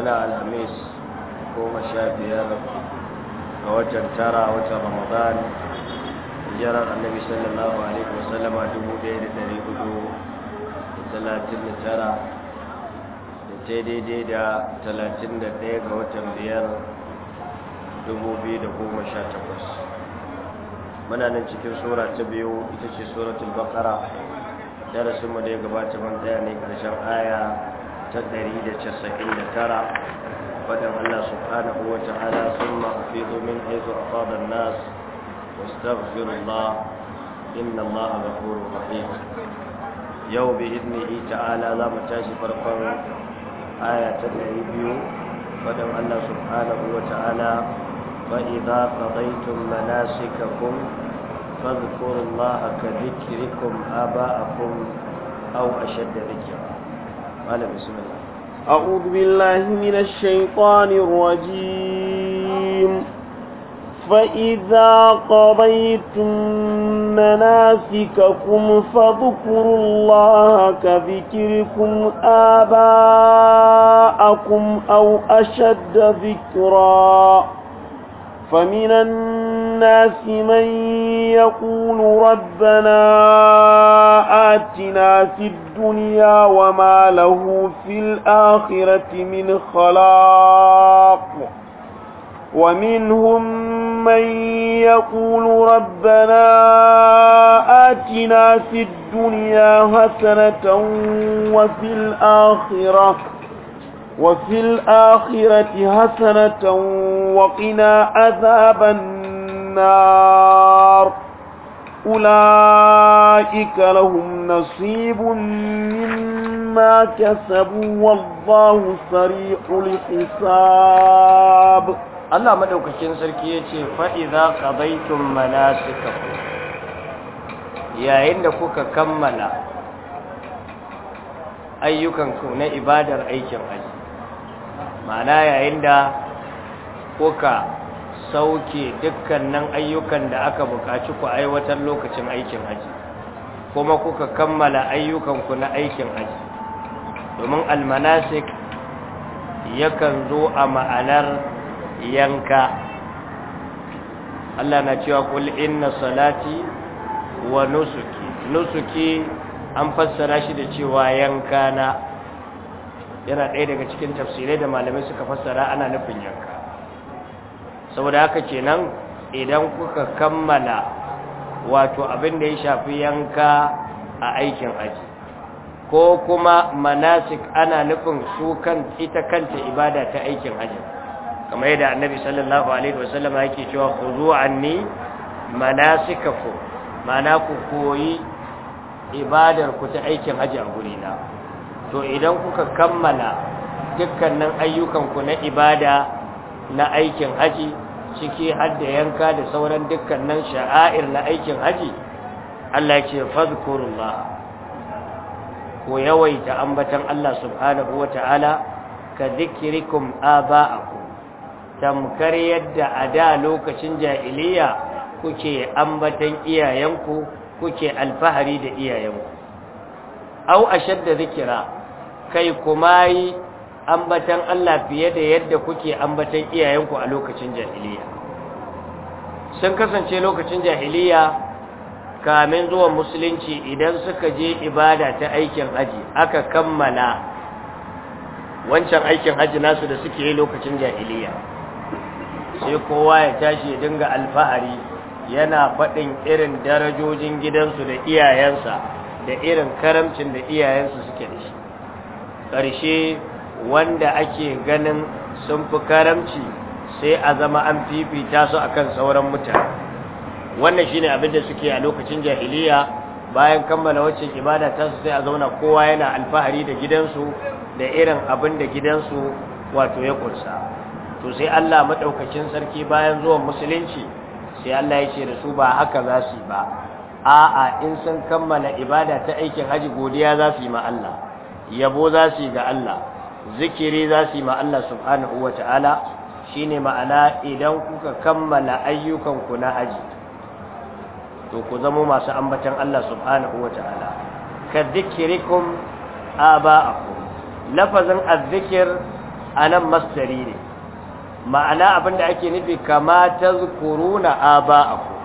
muna alhamis goma sha biyar a watan tara a watan ramadan hijirar annabi sallallahu alaihi wasallama dubu ɗaya da ɗari hudu da talatin da tara da ta daidai da talatin da ɗaya ga watan biyar dubu biyu da goma sha takwas muna nan cikin sura ta biyu ita ce suratul bakara darasinmu da ya gabata man tsaya ne ƙarshen aya تدري ترى قدم الله سبحانه وتعالى ثم أفيض من حيث أفاض الناس واستغفر الله إن الله غفور رحيم يوم بإذنه تعالى لا متاشي فرقا آية تدريبيو قدم الله سبحانه وتعالى فإذا قضيتم مناسككم فاذكروا الله كذكركم آباءكم أو أشد ذكرا قال بسم الله أعوذ بالله من الشيطان الرجيم فإذا قضيتم مناسككم فاذكروا الله كذكركم آباءكم أو أشد ذكرا فمن الناس من يقول ربنا آتنا في الدنيا الدنيا وما له في الآخرة من خلاق ومنهم من يقول ربنا آتنا في الدنيا حسنة وفي الآخرة وفي الآخرة حسنة وقنا عذاب النار أولئك لهم نصيب مما كسبوا والله سريع الحساب Allah madaukakin sarki yace fa idza qadaytum manasikakum yayin da kuka kammala ayyukanku na ibadar aikin haji ma'ana yayin da kuka sauke dukkanin ayyukan da aka buƙaci ku aiwatar lokacin aikin haji kuma kuka kammala ayyukanku na aikin haji domin almanasik yakan zo a ma'anar yanka Allah na cewa kul inna salati wa nusuki nusuki an fassara shi da cewa yanka na yana ɗaya daga cikin tafsirai da malamai suka fassara ana nufin yanka saboda haka kenan idan kuka kammala wato abin da ya shafi yanka a aikin aji ko kuma manasik ana nufin su kan ita kanta ibada ta aikin aji kamar yadda annabi sallallahu alaihi wasallam yake cewa khuzu anni manasikaku mana ku koyi ibadar ku ta aikin aji a gurina to idan kuka kammala dukkanin ayyukan ku na ibada na aikin haji ciki har yanka da sauran dukkanin sha'air na aikin haji Allah ce fadhkurullah ko yawaita ambatan Allah subhanahu wataala ka zikrikum aba'akum tamkar yadda a da lokacin jahiliya kuke ambatan iyayenku kuke alfahari da iyayenku au ashadda zikira kai kuma yi ambatan Allah fiye da yadda kuke ambatan iyayenku a lokacin jahiliya sun kasance lokacin jahiliya kamin zuwan musulunci idan suka je ibada ta aikin haji aka kammala wancan aikin haji nasu da suke yi lokacin jahiliya sai kowa ya tashi ya dinga alfahari yana faɗin irin darajojin gidansu da iyayensa da irin karamcin da iyayensu suke da shi ƙarshe wanda ake ganin sun fi karamci sai a zama an fifita su akan sauran mutane wannan shine abin da suke a lokacin jahiliya bayan kammala wacce ibada ta su sai a zauna kowa yana alfahari da gidansu da irin abin da gidansu wato ya kunsa to sai Allah madaukakin sarki bayan zuwan musulunci sai Allah ya ce da su ba haka za su ba a'a in sun kammala ibada ta aikin haji godiya za su yi ma Allah yabo za su yi ga Allah zikiri za su yi ma Allah subhanahu wa ta'ala shi ne ma'ana idan kuka kammala ayyukanku na haji to ku zamo masu ambatan Allah subhanahu wa ta'ala ka A aba'akum lafazin azzikir a nan mastari ne ma'ana abinda ake nufi kama ta zukuruna aba'akum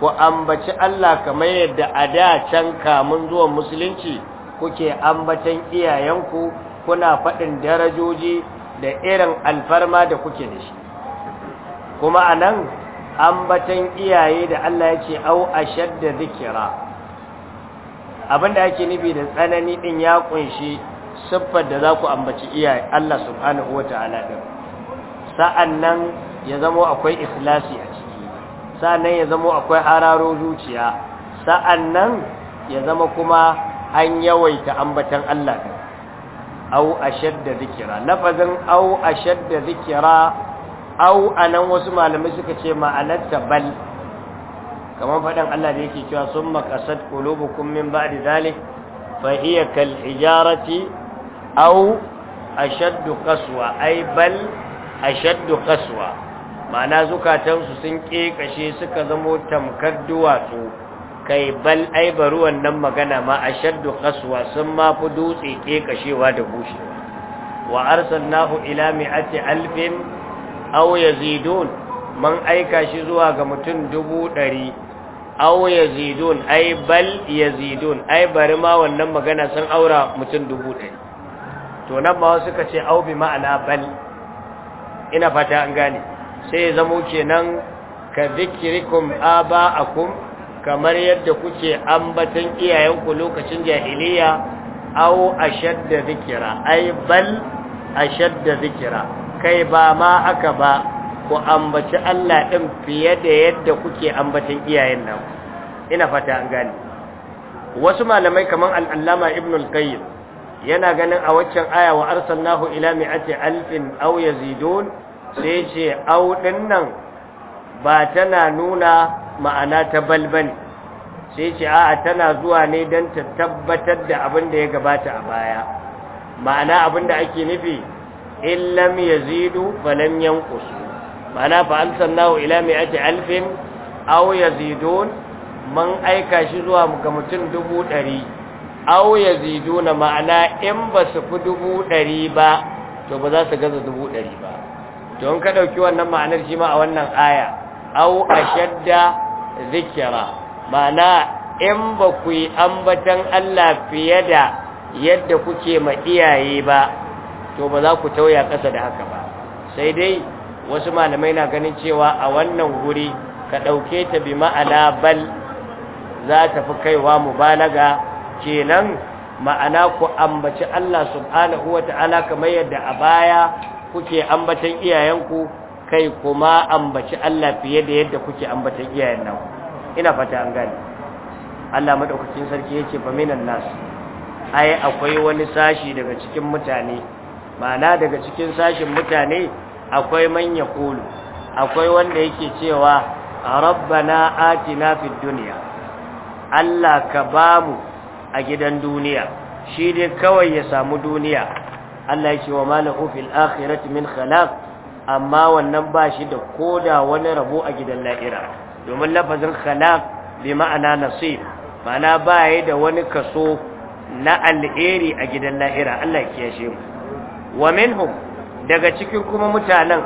ku ambaci Allah kamar yadda a da can kamun zuwan musulunci kuke ambatan iyayenku kuna faɗin darajoji da irin alfarma da kuke da shi kuma a nan ambatan iyaye da Allah ya ce au ashadda zikira abinda ake nufi da tsanani din ya ƙunshi siffar da za ku ambaci iyaye Allah subhanahu wa ta'ala din sa'annan ya zamo akwai ikhlasi a ciki sa'annan ya zamo akwai hararo zuciya sa'annan ya zama kuma an yawaita ambatan Allah au ashadda zikira lafazin au ashadda zikira au wasu malamai suka ce ma'anarta bal kamar faɗin Allah da yake cewa sun makasad qulubukum min ba'di zalik fa hiya hijarati au ashaddu qaswa ai bal ashaddu qaswa ma'ana zukatansu sun ƙeƙashe suka zamo tamkar duwatsu kai bal ai bari wannan magana ma ashaddu qaswa sun ma fi dutse ke kashewa da bushewa wa arsalnahu ila mi'ati alfin aw yazidun man aika shi zuwa ga mutum dubu ɗari aw yazidun ai bal yazidun ai bari ma wannan magana sun aura mutum dubu ɗari to nan ma suka ce aw bi ma'ana bal ina fata an gane sai zamo kenan ka zikirikum aba'akum kamar yadda kuke ambatan iyayenku lokacin jahiliya aw ashadda zikira ai bal ashadda zikira kai ba ma aka ba ku ambaci Allah din fiye da yadda kuke ambatan iyayen nan ina fata an gane wasu malamai kaman al-allama ibn al-qayyim yana ganin a waccan aya wa arsalnahu ila mi'ati alfin aw yazidun sai ce aw din nan ba tana nuna ma'ana ta balban sai ce a'a tana zuwa ne don ta tabbatar da abin da ya gabata a baya ma'ana abin da ake nufi illam zidu falon yankusu ma'ana fa ansalnahu ila ake alfin Au ya yazidun man aika shi zuwa ga mutum dubu ɗari ya yaziduna ma'ana in ba su fi dubu ɗari ba to ba za su gaza dubu ɗari ba don ka ɗauki wannan ma'anar shi ma a wannan aya au ashadda zikira mana in ba ku yi ambatan Allah fiye da yadda kuke ma iyaye ba to ba za ku tauya ƙasa da haka ba sai dai wasu malamai na ganin cewa a wannan guri ka ɗauke ta bi ma'ana bal za ta fi kaiwa mubalaga kenan ma'ana ku ambaci Allah subhanahu wa ta'ala kamar yadda a baya kuke ambatan iyayenku kai kuma ambaci Allah fiye da yadda kuke ambata iyayen nan ina fata an gane Allah madaukakin sarki yace fa minan nas ai akwai wani sashi daga cikin mutane ma'ana daga cikin sashin mutane akwai man yaqulu akwai wanda yake cewa rabbana atina fid dunya Allah ka bamu a gidan duniya shi dai kawai ya samu duniya Allah yake wa malahu fil akhirati min khalaq amma wannan ba shi da koda wani rabo a gidan la'ira domin lafazin khalaq bi ma'ana nasib ma'ana ba yi da wani kaso na al'iri a gidan la'ira Allah ya kiyashe mu wa minhum daga cikin kuma mutanen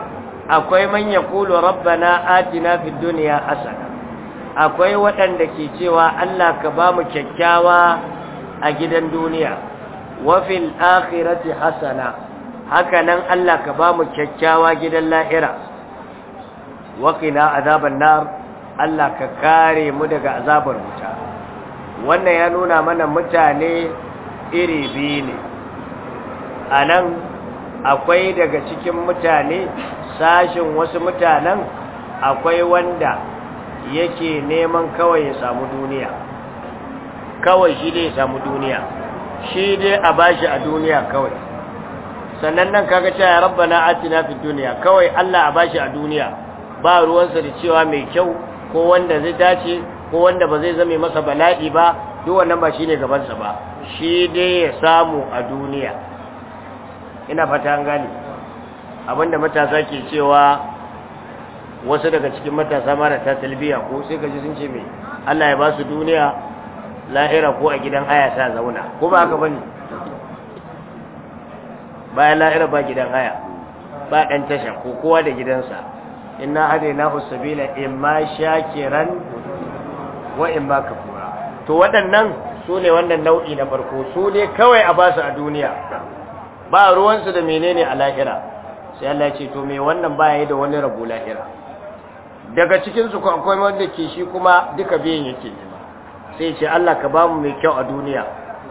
akwai man yaqulu rabbana atina fid dunya hasana akwai waɗanda ke cewa Allah ka ba mu kyakkyawa a gidan duniya wa fil akhirati hasana haka nan Allah ka ba mu kyakkyawa gidan lahira waƙina azaban nar Allah ka kare mu daga azabar wuta wannan ya nuna mana mutane iri biyu ne a nan akwai daga cikin mutane sashin wasu mutanen akwai wanda yake neman kawai ya samu duniya kawai shi dai ya samu duniya shi dai a bashi a duniya kawai sannan nan kaga cewa ya rabbana atina fid dunya kawai Allah a bashi a duniya ba ruwansa da cewa mai kyau ko wanda zai dace ko wanda ba zai zame masa bala'i ba duk wannan ba shine gaban sa ba shi dai ya samu a duniya ina fata an gane abinda matasa ke cewa wasu daga cikin matasa mara ta talbiya ko sai kaji sun ce mai Allah ya ba su duniya lahira ko a gidan haya ta zauna ko ba haka bane bayan lahira ba gidan haya ba ɗan tasha ko kowa da gidansa Ina hadainahu sabila imma shakiran wa in imma kafura to waɗannan su ne wannan nau'i na farko su ne kawai a basu a duniya ba ruwansu da menene a lahira sai Allah ce to me wannan ba ya yi da wani rabu lahira daga cikin su akwai wanda ke shi kuma duka biyan yake sai ce Allah ka bamu mai kyau a duniya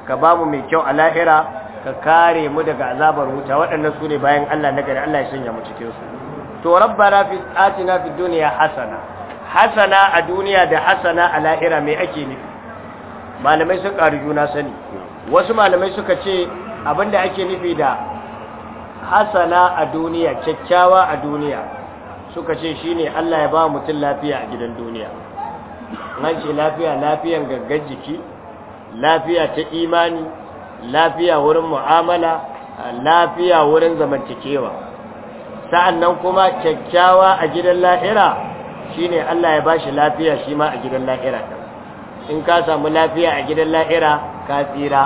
ka bamu mai kyau a lahira ka kare mu daga azabar wuta waɗannan su ne bayan Allah na gari Allah ya shanya mu cikin su to rabbana fi atina fid dunya hasana hasana a duniya da hasana a lahira me ake nufi malamai sun ƙari juna sani wasu malamai suka ce abinda ake nufi da hasana a duniya kyakkyawa a duniya suka ce shine Allah ya ba mutum lafiya a gidan duniya nan ce lafiya lafiyan gaggajiki jiki lafiya ta imani lafiya wurin mu'amala lafiya wurin zamantakewa sa'annan kuma kyakkyawa a gidan lahira shine Allah ya bashi lafiya shi ma a gidan lahira in ka samu lafiya a gidan lahira ka tsira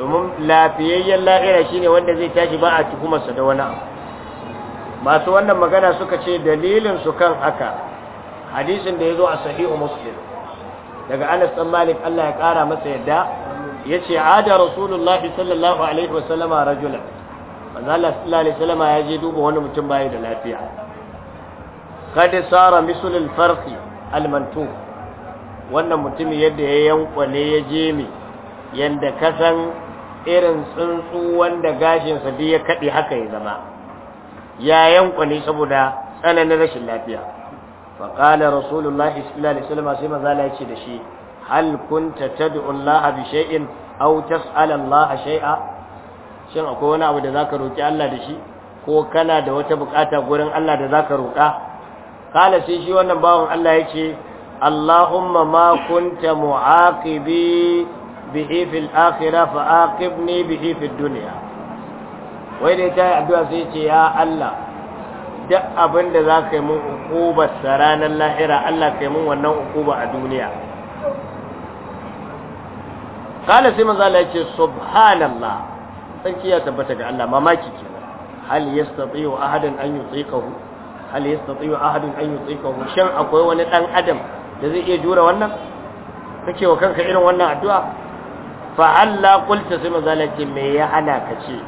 domin lafiyayyen lahira shine wanda zai tashi ba a tuhumarsa da wani abu masu wannan magana suka ce dalilin su kan haka hadisin da ya zo a sahihu muslim daga Anas ɗan Malik Allah ya ƙara masa yadda Ya yace ada rasulullahi sallallahu alaihi wasallama rajulan manzo Allah sallallahu alaihi wasallama ya je duba wani mutum bai da lafiya kad sara misul al almantu. wannan mutumi yadda ya yankwale ya je mi yanda kasan irin tsuntsu wanda gashin sa ya kade haka ya zama ya yankwale saboda tsananin rashin lafiya faqala rasulullahi sallallahu alaihi wasallama sai manzo Allah ya ce da shi hal kunta tad'u Allah bi shay'in aw tas'al Allah shay'a shin akwai wani abu da zaka roki Allah da shi ko kana da wata bukata gurin Allah da zaka roka kala sai shi wannan bawon Allah yace Allahumma ma kunta mu'aqibi bihi fil akhirah fa aqibni bihi fid dunya wai dai ta addu'a sai ce ya Allah duk abin da za ka yi mun ukubar sa ranar lahira Allah kai mun wannan ukuba a duniya kala sai manzo Allah yace subhanallah sarki ya tabbata ga Allah mamaki kenan hal yastati'u ahadan an yutiqahu hal yastati'u ahadun an yutiqahu shan akwai wani dan adam da zai iya jura wannan kake wa kanka irin wannan addu'a fa Allah qulta sai manzo Allah yace me ya ana kace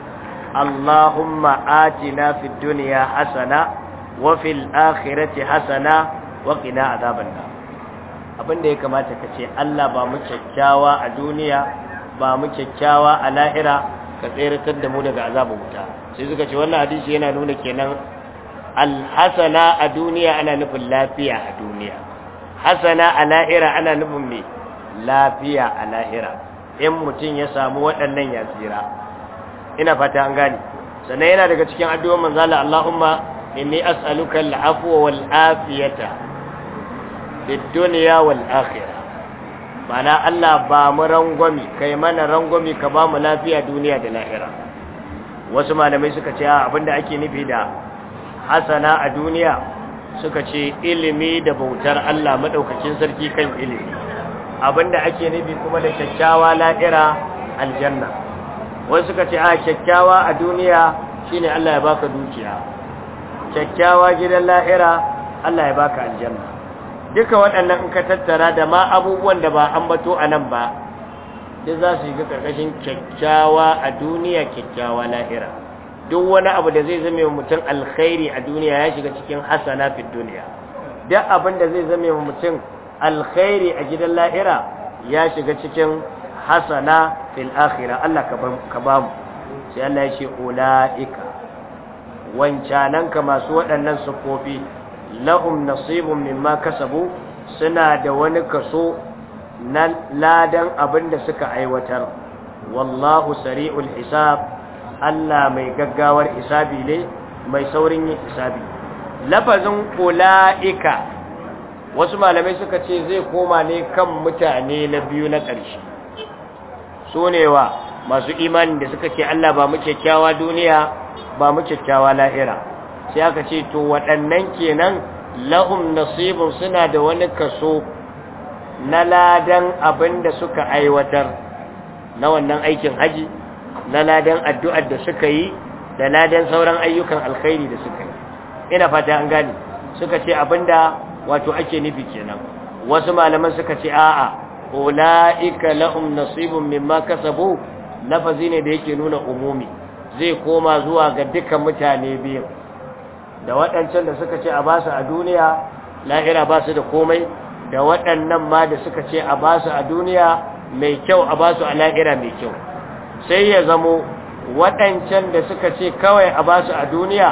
اللهم آتنا في الدنيا حسنة وفي الآخرة حسنة وقنا عذاب النار Abin da ya kamata ka ce Allah ba mu kyakkyawa a duniya ba mu kyakkyawa a lahira ka tseratar da mu daga azabin wuta sai suka ce wannan hadisi yana nuna kenan alhasana a duniya ana nufin lafiya a duniya hasana a lahira ana nufin me lafiya a lahira in mutum ya samu waɗannan ya tsira ina fata an gane sannan yana daga cikin addu'o'in manzala Allahumma inni as'aluka al-afwa wal afiyata fid wal akhirah mana Allah ba mu rangwami kai mana rangwami ka ba mu lafiya duniya da lahira wasu malamai suka ce abinda ake nufi da hasana a duniya suka ce ilimi da bautar Allah madaukakin sarki kan ilimi abinda ake nufi kuma da kyakkyawa lahira aljanna wasu suka ce a kyakkyawa a duniya shine Allah ya baka dukiya kyakkyawa gidan lahira Allah ya baka aljanna duka waɗannan in ka tattara da ma abubuwan da ba ambato a nan ba duk za su shiga ƙarƙashin kyakkyawa a duniya kyakkyawa lahira duk wani abu da zai zame wa mutum alkhairi a duniya ya shiga cikin hasana fi duniya duk abin da zai zame wa mutum alkhairi a gidan lahira ya shiga cikin hasana fil akhirah Allah ka ba mu sai Allah ya ce ulaika wancananka masu waɗannan sufofi lahum nasibun mimma kasabu suna da wani kaso na ladan abin da suka aiwatar wallahu sari'ul hisab Allah mai gaggawar hisabi ne mai saurin yin hisabi lafazin ula'ika wasu malamai suka ce zai koma ne kan mutane na biyu na ƙarshe Sonewa masu imanin da suka ce Allah ba mu kyakkyawa duniya ba mu kyakkyawa lahira sai aka ce to waɗannan kenan lahum nasibun suna da wani kaso na ladan abin da suka aiwatar na wannan aikin haji na ladan addu'ar da suka yi da ladan sauran ayyukan alkhairi da suka yi ina fata an gane suka ce abinda wato ake nufi kenan wasu malaman suka ce a'a ulaika lahum nasibun mimma kasabu lafazi ne da yake nuna umumi zai koma zuwa ga dukkan mutane biyu da waɗancan da suka ce a ba su a duniya lahira ba su da komai da waɗannan ma da suka ce a ba su a duniya mai kyau a ba su a lahira mai kyau sai ya zamo waɗancan da suka ce kawai a ba su a duniya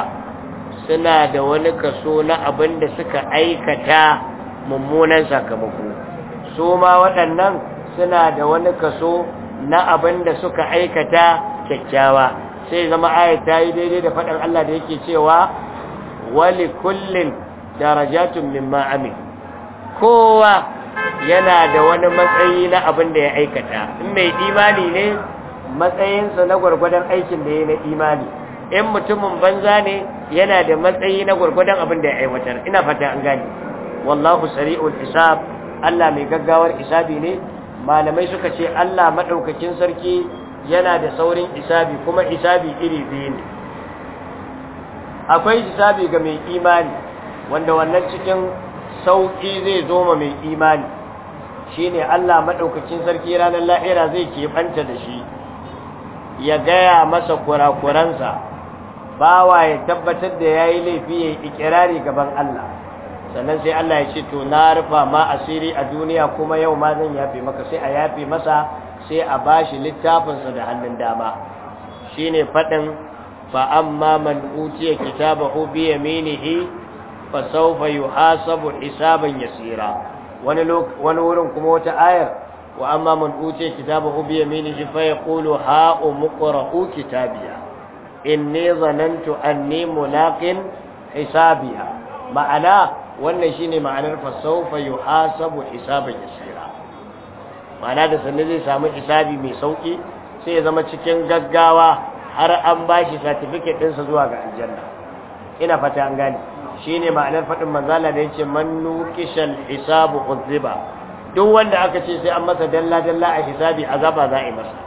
suna da wani kaso na abin da suka aikata mummunan sakamako su ma waɗannan suna da wani kaso na abin da suka aikata kyakkyawa sai zama aya ta yi daidai da faɗin Allah da yake cewa wali kullin darajatun mimma amin. kowa yana da wani matsayi na abin da ya aikata in mai imani ne matsayinsa na gwargwadon aikin da ya na imani in mutumin banza ne yana da matsayi na gwargwadon abin da ya aiwatar ina fata an gani wallahu sari'ul hisab Allah mai gaggawar hisabi ne malamai suka ce Allah madaukakin sarki yana da saurin hisabi kuma hisabi iri biyu ne akwai hisabi ga mai imani wanda wannan cikin sauki zai zo ma mai imani shine Allah madaukakin sarki ranar lahira zai keɓanta da shi ya gaya masa kurakuransa bawa ya tabbatar da yayi laifi yayi ikirari gaban Allah sannan sai Allah ya ce to na rufa ma asiri a duniya kuma yau ma zan yafe maka sai a yafe masa sai a bashi littafinsa da hannun dama shine fadin فأما من أوتي كتابه بيمينه فسوف يحاسب حسابا يسيرا ونورن كموت آية وأما من أوتي كتابه بيمينه فيقول ها أمقرأ كتابيا إني ظننت أني ملاق حسابيا معنى والنشين معنى فسوف يحاسب حسابا يسيرا معنى ده سنزي سامي حسابي ميسوكي سيزم تشكين قدقاوة har an bashi certificate ɗinsa zuwa ga aljanna ina fata an gane shine ma'anar faɗin manzala da yace man nuqishal hisabu uziba duk wanda aka ce sai an masa dalla dalla a hisabi azaba za a yi masa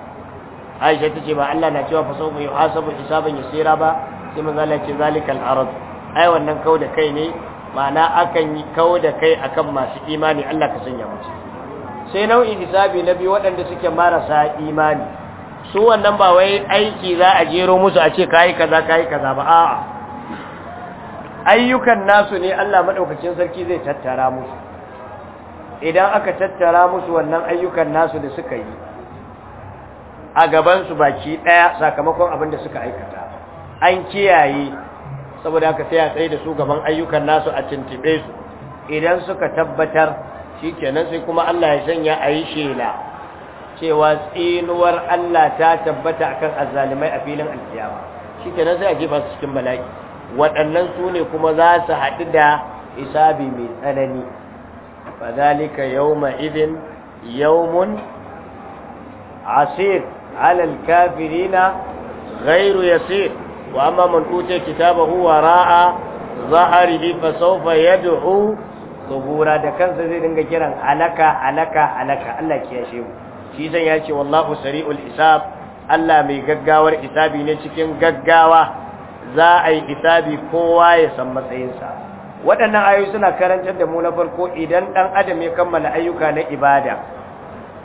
Aisha tace ba Allah na cewa fa sawfa yuhasabu hisaban yasira ba sai manzala ce zalikal arad ai wannan kau da kai ne ma'ana akan yi kau da kai akan masu imani Allah ka sanya mu sai nau'in hisabi na biyu waɗanda suke marasa imani su wannan ba wai aiki za a jero musu a ce kayi kaza kayi kaza ba a'a ayyukan nasu ne Allah madaukakin sarki zai tattara musu idan aka tattara musu wannan ayyukan nasu da suka yi a gaban su baki daya sakamakon abin da suka aikata an kiyaye saboda haka sai tsaye da su gaban ayyukan nasu a tintibe su idan suka tabbatar shikenan sai kuma Allah ya sanya ayi shela cewa tsinuwar Allah ta tabbata akan azzalimai a filin alkiyama shikenan sai a jefa su cikin bala'i waɗannan su ne kuma za su haɗu da hisabi mai tsanani fa zalika yawma idin yawmun asir ala alkafirina ghairu yasir wa amma man utiya kitabahu wara'a zaharihi fa sawfa yad'u subura da kansa zai dinga kiran alaka alaka alaka Allah kiyashe mu shi zan ya ce wallahu sari'ul isab Allah mai gaggawar isabi ne cikin gaggawa za a yi isabi kowa ya san matsayinsa waɗannan ayoyi suna karantar da mu na farko idan ɗan adam ya kammala ayyuka na ibada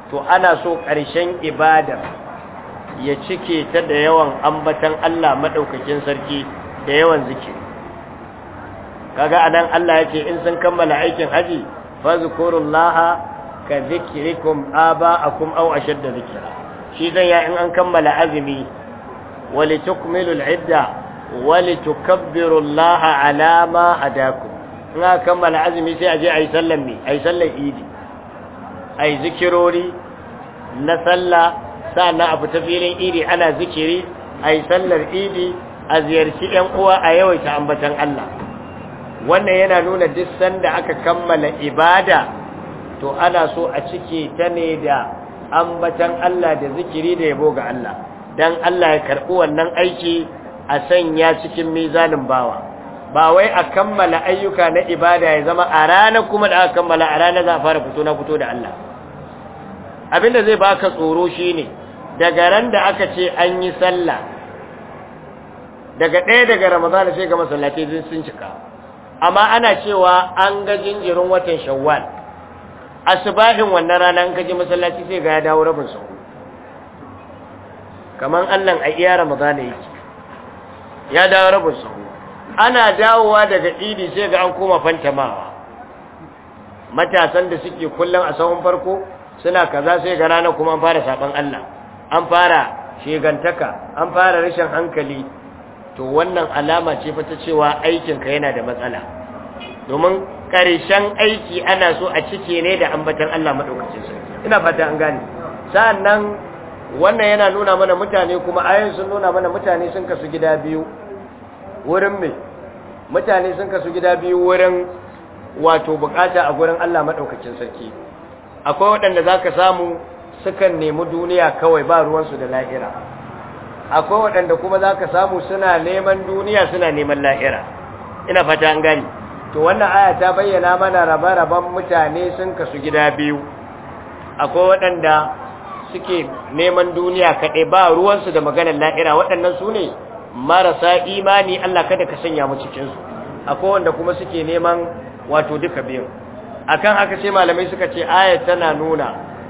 to ana so ƙarshen ibada. ya cike ta da yawan ambatan Allah maɗaukakin sarki da yawan zikiri kaga anan Allah ya ce in sun kammala aikin haji fazkurullaha ka zikirikum au aw ashadda zikira. shi zan ya in an kammala azumi wali tukmilu idda wali tukabbiru Allah ala ma in an kammala azumi sai aje ayi sallan mi yi sallan idi yi zikirori na sallah sannan a fita filin idi ana zikiri yi sallar idi a ziyarci 'yan uwa a yawaita ambatan Allah wannan yana nuna duk sanda aka kammala ibada to ana so a cike ta ne da ambatan Allah da zikiri da yabo ga Allah dan Allah ya karɓi wannan aiki a sanya cikin mizanin bawa ba wai a kammala ayyuka na ibada ya zama a ranar kuma da aka kammala a ranar za a fara fito na fito da Allah abinda zai baka tsoro shine daga ran da aka ce an yi sallah daga ɗaya daga ramadana sai ga masallaci sun cika amma ana cewa an ga jinjirin watan shawwal Asibahin wannan rana in ka masallaci sai ga ya dawo rabin sahu kaman annan a iya ramadana yake ya dawo rabin sahu ana dawowa daga idi sai ga an koma fantamawa matasan da suke kullum a sahun farko suna kaza sai ga rana kuma an fara saban Allah an fara shegantaka an fara rashin hankali to wannan alama ce fa ta cewa aikinka yana da matsala domin ƙarshen aiki ana so a cike ne da ambatan Allah maɗaukacin sarki ina fata an gane sa'annan wannan yana nuna mana mutane kuma ayin sun nuna mana mutane sun kasu gida biyu wurin me mutane sun kasu gida biyu wurin wato bukata a gurin Allah maɗaukacin sarki akwai waɗanda za ka samu sukan nemi duniya kawai ba ruwansu da la'ira akwai waɗanda kuma za ka samu suna neman duniya suna neman la'ira ina fata an gani to wannan aya ta bayyana mana rabe-raben mutane sun kasu gida biyu akwai waɗanda suke neman duniya kaɗai ba ruwansu da maganin la'ira waɗannan su ne marasa imani Allah kada ka sanya mu cikinsu akwai wanda kuma suke neman wato duka biyun akan haka sai malamai suka ce "Aya, tana nuna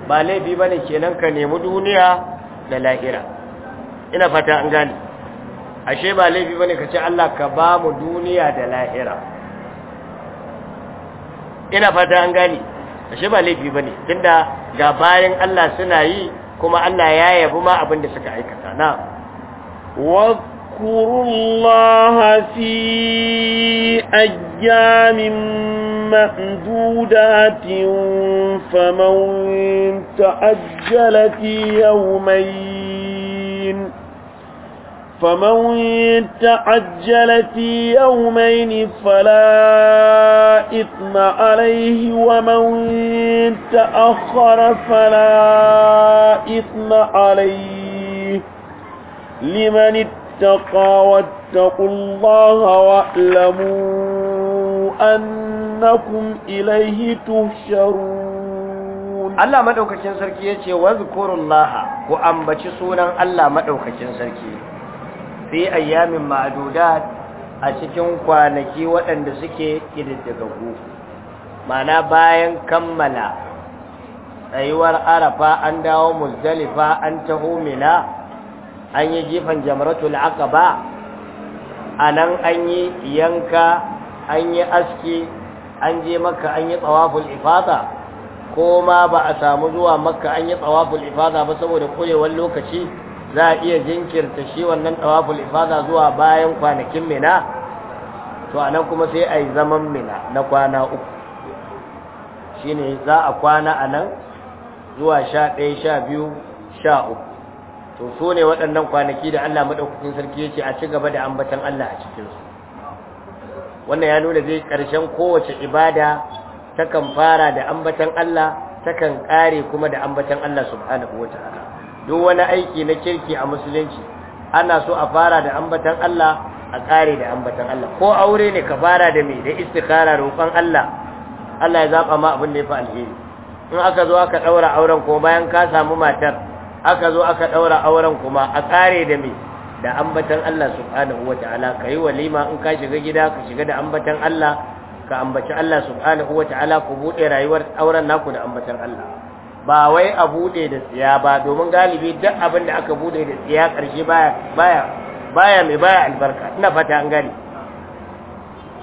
ba laifi bane kenan ka nemi duniya da lahira ina fata an gani ashe ba laifi bane ka ce Allah ka ba mu duniya da lahira ina fata an gane ashe ba laifi bane tunda ga bayan Allah suna yi kuma Allah ya yabi ma abin da suka aikata na واذكروا في أيام معدودات فمن تأجل في يومين فمن تعجل في يومين فلا إثم عليه ومن تأخر فلا إثم عليه لمن اتقى واتقوا الله واعلموا أنكم إليه تهشرون Allah madaukakin sarki yace wazkurullaha ku ambaci sunan Allah madaukakin sarki fi ayyamin ma'dudat a cikin kwanaki waɗanda suke kididdigaggu mana bayan kammala tsayuwar arafa an dawo muzdalifa an taho mina an yi jifan jamratul aqaba anan an yi yanka an yi aski an je makka an yi tsawaful ifada ko ma ba a samu zuwa maka an yi tsawaful ifada ba saboda kurewar lokaci za a iya jinkirta shi wannan tawaful ifada zuwa bayan kwanakin mina to anan kuma sai a yi zaman mina na kwana uku shine za a kwana anan zuwa sha ɗaya sha biyu sha uku to so ne waɗannan kwanaki da Allah maɗaukakin sarki yake a cigaba da ambatan Allah a cikinsu wannan ya nuna zai ƙarshen kowace ibada takan fara da ambatan Allah takan ƙare kuma da ambatan Allah subhanahu wa ta'ala duk wani aiki na kirki a musulunci ana so a fara da ambatan Allah a kare da ambatan Allah ko aure ne ka fara da me da istikhara roƙon Allah Allah ya zaba ma abin da yafi alheri in aka zo aka daura auren kuma bayan ka samu matar aka zo aka daura auren kuma a kare da me da ambatan Allah subhanahu wataala kai walima in ka shiga gida ka shiga da ambatan Allah ka ambaci Allah subhanahu wataala ku bude rayuwar auren naku da ambatan Allah ba wai a bude da tsiya ba domin galibi duk abin da aka bude da tsiya karshe baya baya baya mai baya albarka ina fata an gani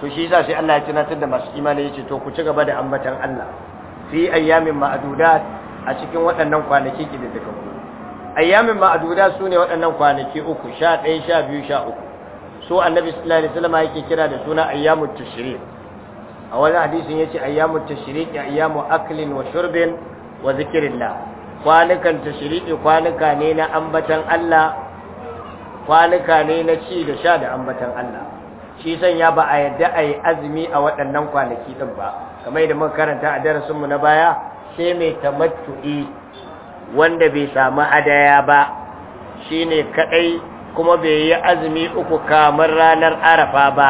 to shi yasa sai Allah ya tunatar da masu imani yace to ku ci gaba da ambatan Allah fi ayyamin ma'dudat a cikin waɗannan kwanaki ki da duka ku ayyamin ma'dudat sune waɗannan kwanaki uku 11 12 13 so annabi sallallahu alaihi wasallam yake kira da suna ayyamut tashriq a wani hadisin yace ayyamut tashriq ya ayyamu aklin wa shurbin wa zikirillah kwanukan tashriqi kwanuka ne na ambatan Allah kwanuka ne na ci da sha da ambatan Allah shi sanya ba a yadda a yi azumi a waɗannan kwanaki ɗin ba kamar da muka karanta a darasinmu na baya sai mai tamattu'i wanda bai samu adaya ba shine kadai kuma bai yi azumi uku kamar ranar arafa ba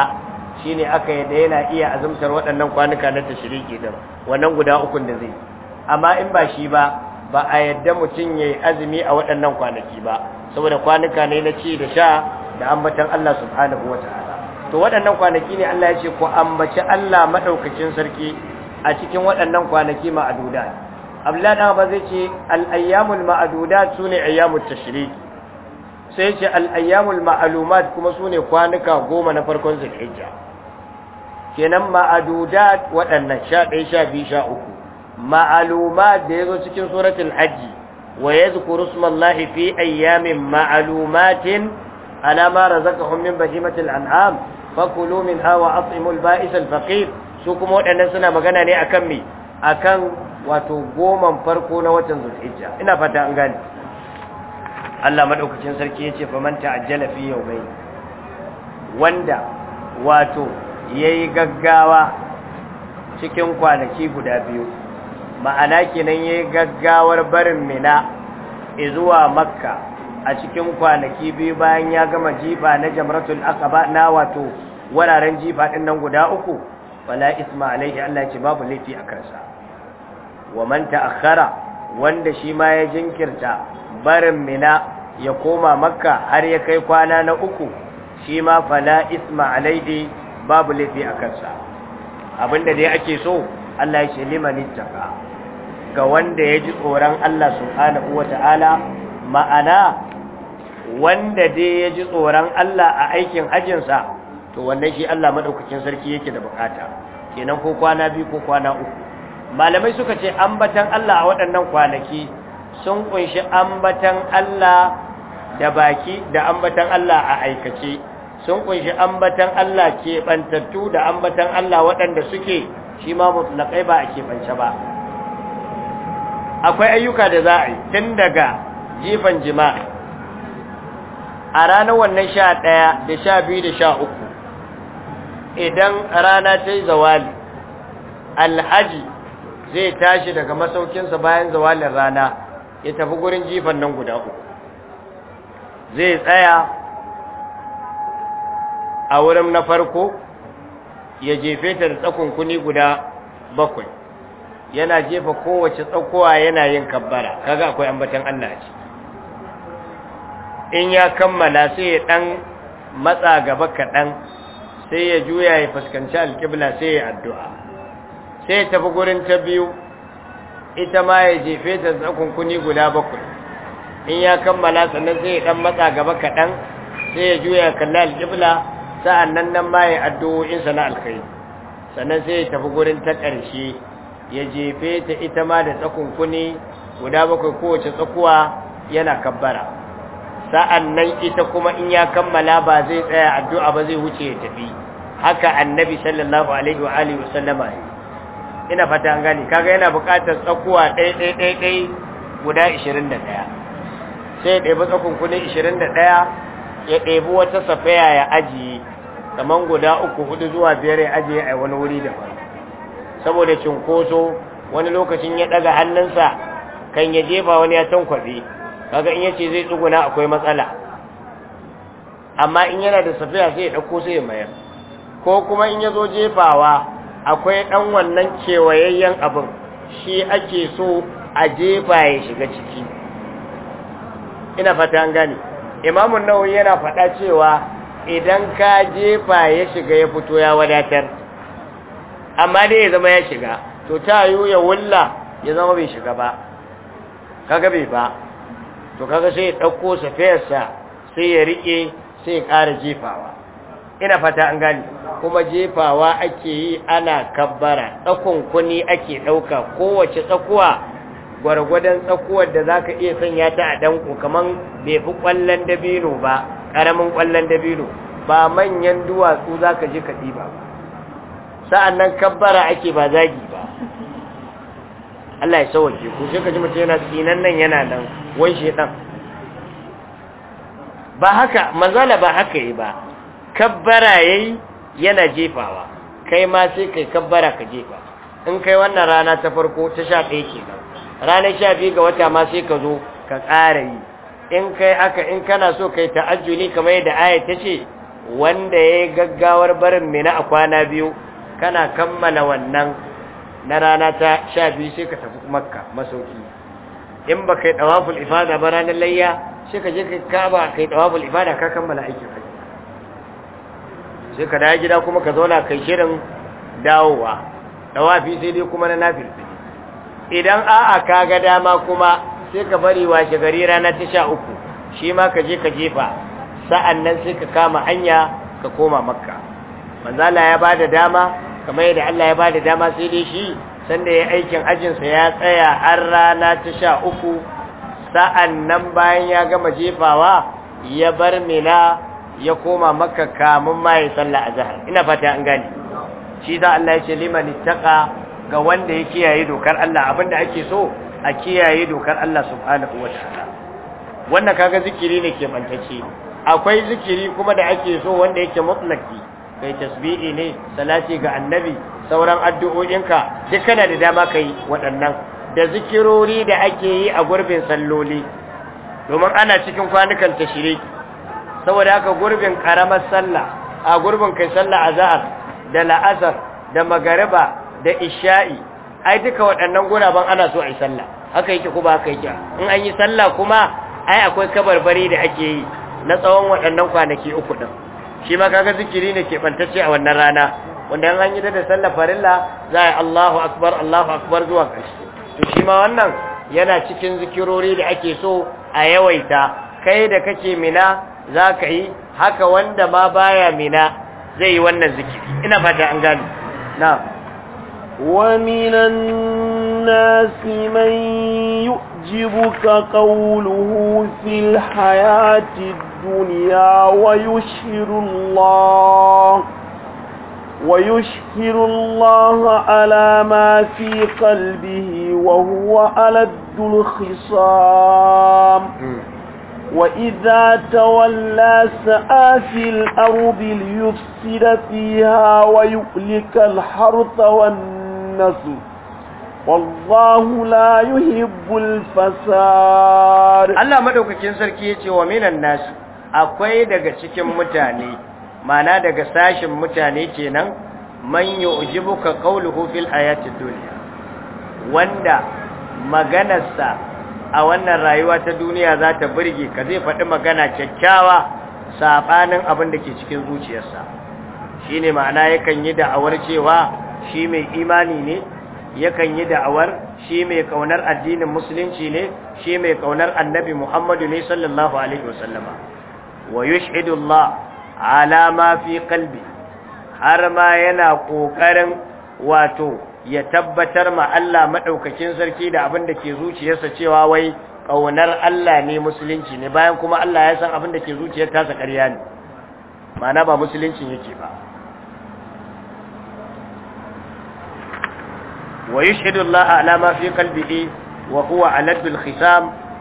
shine aka yadda yana iya azumtar waɗannan kwanuka na tashriqi din wannan guda ukun da zai amma in ba shi ba ba a yadda mutum ya azumi a waɗannan kwanaki ba saboda kwanuka ne na ci da sha da ambatan Allah subhanahu wa ta'ala to waɗannan kwanaki ne Allah ya ce ku ambaci Allah maɗaukacin sarki a cikin waɗannan kwanaki ma'adudat abdullahi ba zai ce al-ayyamul ma'adudat sune ayyamut tashrik sai ce al-ayyamul ma'lumat kuma sune kwanuka goma na farkon zulhijja kenan ma'aduda waɗannan 11 12 13 ma'alumat da yazo cikin suratul hajji wa yadhkuru smallahi fi ayyamin ma'alumatin ala ma razaqahum min an'am fakulu hawa wa at'imul ba'isal faqir su kuma waɗannan suna magana ne akan me akan wato goman farko na watan zulhijja ina fata an gane Allah madaukakin sarki yace a ta'ajjala fi yawmayn wanda wato yayi gaggawa cikin kwanaki guda biyu ma'ana kenan yayi gaggawar barin mina zuwa makka a cikin kwanaki biyu bayan ya gama jifa na jamratul aqaba na wato wararen jifa din nan guda uku wala isma alaihi Allah ya ce babu laifi a kansa wa man ta'akhara wanda shi ma ya jinkirta barin mina ya koma makka har ya kai kwana na uku shi ma fala isma alaihi babu laifi a kansa abinda dai ake so Allah ya ce liman ittaka ga wanda ya ji tsoron Allah subhanahu wa ta'ala ma'ana wanda dai ya ji tsoron Allah a aikin ajinsa, to wannan shi Allah maɗaukakin sarki yake da bukata kenan ko kwana biyu ko kwana uku malamai suka ce ambatan Allah a waɗannan kwanaki sun kunshi ambatan Allah da baki da ambatan Allah a aikace sun kunshi ambatan Allah keɓantattu da ambatan Allah waɗanda suke shi ma mutlaƙai ba a keɓance ba akwai ayyuka da za a yi tun daga jifan jima'i a ranar wannan sha ɗaya da sha biyu da sha uku idan rana ta yi zawali alhaji zai tashi daga masaukinsa bayan zawalin rana ya tafi gurin jifan nan guda uku zai tsaya a wurin na farko ya jefe ta da tsakunkuni guda bakwai yana jefa kowace tsakowa yana yin kabbara kaga akwai ambatan Allah a in ya kammala sai ya dan matsa gaba kaɗan sai ya juya ya fuskanci alƙibla sai ya addu'a sai ya tafi gurin ta biyu ita ma ya jefe ta tsakunkuni guda bakwai in ya kammala sannan sai ya dan matsa gaba kaɗan sai ya juya ya kalli alƙibla sa'an nan nan ma ya addu'o'insa na alkhairi sannan sai ya tafi gurin ta ƙarshe ya jefe ta ita ma da tsakunkuni guda bakwai kowace tsakuwa yana kabbara sa'an nan ita kuma in ya kammala ba zai tsaya addu'a ba zai wuce ya tafi haka annabi sallallahu alaihi wa alihi wasallama yi ina fata an gani kaga yana buƙatar tsakuwa ɗai ɗai ɗai ɗai guda 21 sai ya ɗebi tsakunkuni 21 ya ɗebi wata safaya ya ajiye kamar guda uku hudu zuwa biyar ya ajiye a wani wuri daban saboda cinkoso wani lokacin ya daga hannunsa kan ya jefa wani ya tankwabe kaga in yace zai tsuguna akwai matsala amma in yana da safiya sai ya dauko sai ya mayar ko kuma in yazo jefawa akwai dan wannan kewayayyen abin shi ake so a jefa ya shiga ciki ina fata an gane imamun nawawi yana faɗa cewa idan ka jefa ya shiga ya fito ya wadatar amma dai ya zama ya shiga to ta yiwu ya wulla ya zama bai shiga ba kaga bai ba to kaga sai ya ɗauko safiyarsa sai ya riƙe sai ya ƙara jefawa ina fata an gani kuma jefawa ake yi ana kabbara tsakon kuni ake ɗauka kowace tsakuwa gwargwadon tsakuwar da za ka iya sanya ta a danko kamar bai fi ƙwallon dabino ba ƙaramin ƙwallon dabino ba manyan duwatsu za ka je ka ɗiba ba sa'annan kabbara ake ba zagi ba Allah ya sauwake ku sai ka ji mace yana tsinan nan yana nan wai ɗan. ba haka manzala ba haka yi ba kabbara yi yana jefawa kai ma sai kai kabbara ka jefa in kai wannan rana ta farko ta sha ɗaya kenan ranar sha biyu ga wata ma sai ka zo ka ƙara yi in kai aka in kana so kai ta'ajjuli kamar yadda aya ta ce wanda ya yi gaggawar barin mina a kwana biyu kana kammala wannan na rana ta sha biyu sai ka tafi makka masauki in ba kai ɗawaful ifada ba ranar layya sai ka je ka kaba kai ɗawaful ifada ka kammala aikin haji sai ka dawo gida kuma ka zauna kai shirin dawowa ɗawafi sai dai kuma na nafil idan a'a ka ga dama kuma sai ka bari washe gari rana ta sha uku shi ma ka je ka jefa sa'an nan sai ka kama hanya ka koma makka manzala ya ba da dama kamar yadda Allah ya bada dama sai dai shi sanda ya aikin ajinsa ya tsaya har rana ta sha uku sa'an nan bayan ya gama jefawa ya bar mina ya koma maka kamun maye sallah a zahar ina fata an gani shi za Allah ya ce liman taƙa ga wanda ya kiyaye dokar Allah abinda ake so a kiyaye dokar Allah subhanahu wataala wannan kaga zikiri ne ke mantace akwai zikiri kuma da ake so wanda yake mutlaki kai tasbi'i ne salati ga annabi sauran addu'o'inka duk kana da dama kai waɗannan da zikirori da ake yi a gurbin salloli domin ana cikin kwanukan tashiriki saboda haka gurbin karamar sallah a gurbin kai sallah azhar da la'asar da magariba da isha'i ai duka waɗannan guraben ana so a yi sallah haka yake kuma haka yake in an yi sallah kuma ai akwai kabarbari da ake yi na tsawon waɗannan kwanaki uku ɗin shi ma kaga zikiri ne ke bantacce a wannan rana wanda an yi da sallar farilla za a yi Allahu akbar Allahu akbar zuwa ƙarshe to shi ma wannan yana cikin zikirori da ake so a yawaita kai da kake mina za ka yi haka wanda ma baya mina zai yi wannan zikiri ina fata an gano na'am ومن الناس من يؤجبك قوله في الحياة الدنيا ويشهر الله ويشهر الله على ما في قلبه وهو ألد الخصام وإذا تولى سعى في الأرض ليفسد فيها ويؤلك الحرث والنار nasu wallahu لا يحب الفساد Allah madaukakin sarki yace wa minan akwai daga cikin mutane mana daga sashin mutane kenan man yu'jibuka qawluhu fil hayati dunya wanda maganarsa a wannan rayuwa ta duniya za ta burge ka zai faɗi magana kyakkyawa saɓanin abin da ke cikin zuciyarsa shine ma'ana yakan yi da'awar cewa shi mai imani ne yakan yi da'awar shi mai kaunar addinin musulunci ne shi mai kaunar annabi Muhammadu ne sallallahu alaihi wasallama wa yushhidu Allah ala ma fi kalbi, har ma yana kokarin wato ya tabbatar ma Allah madaukakin sarki da abin da ke zuciyarsa cewa wai ƙaunar Allah ne musulunci ne bayan kuma Allah ya san abin da ke zuciyar tasa ƙarya ne ma'ana ba musulunci yake ba wa yashhadu Allah ala ma fi wa huwa aladul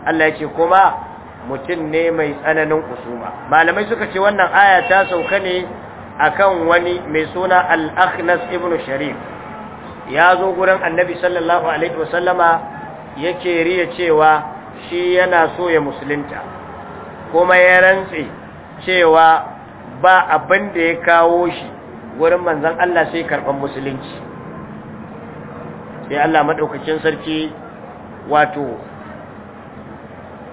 Allah kuma mutum ne mai tsananin kusuma malamai suka ce wannan aya ta sauka ne akan wani mai suna al-akhnas ibn sharif ya zo gurin annabi sallallahu alaihi wasallama yake riya cewa shi yana so ya musulunta kuma ya rantse cewa ba abin da ya kawo shi gurin manzon Allah sai karban musulunci sai Allah madaukakin sarki wato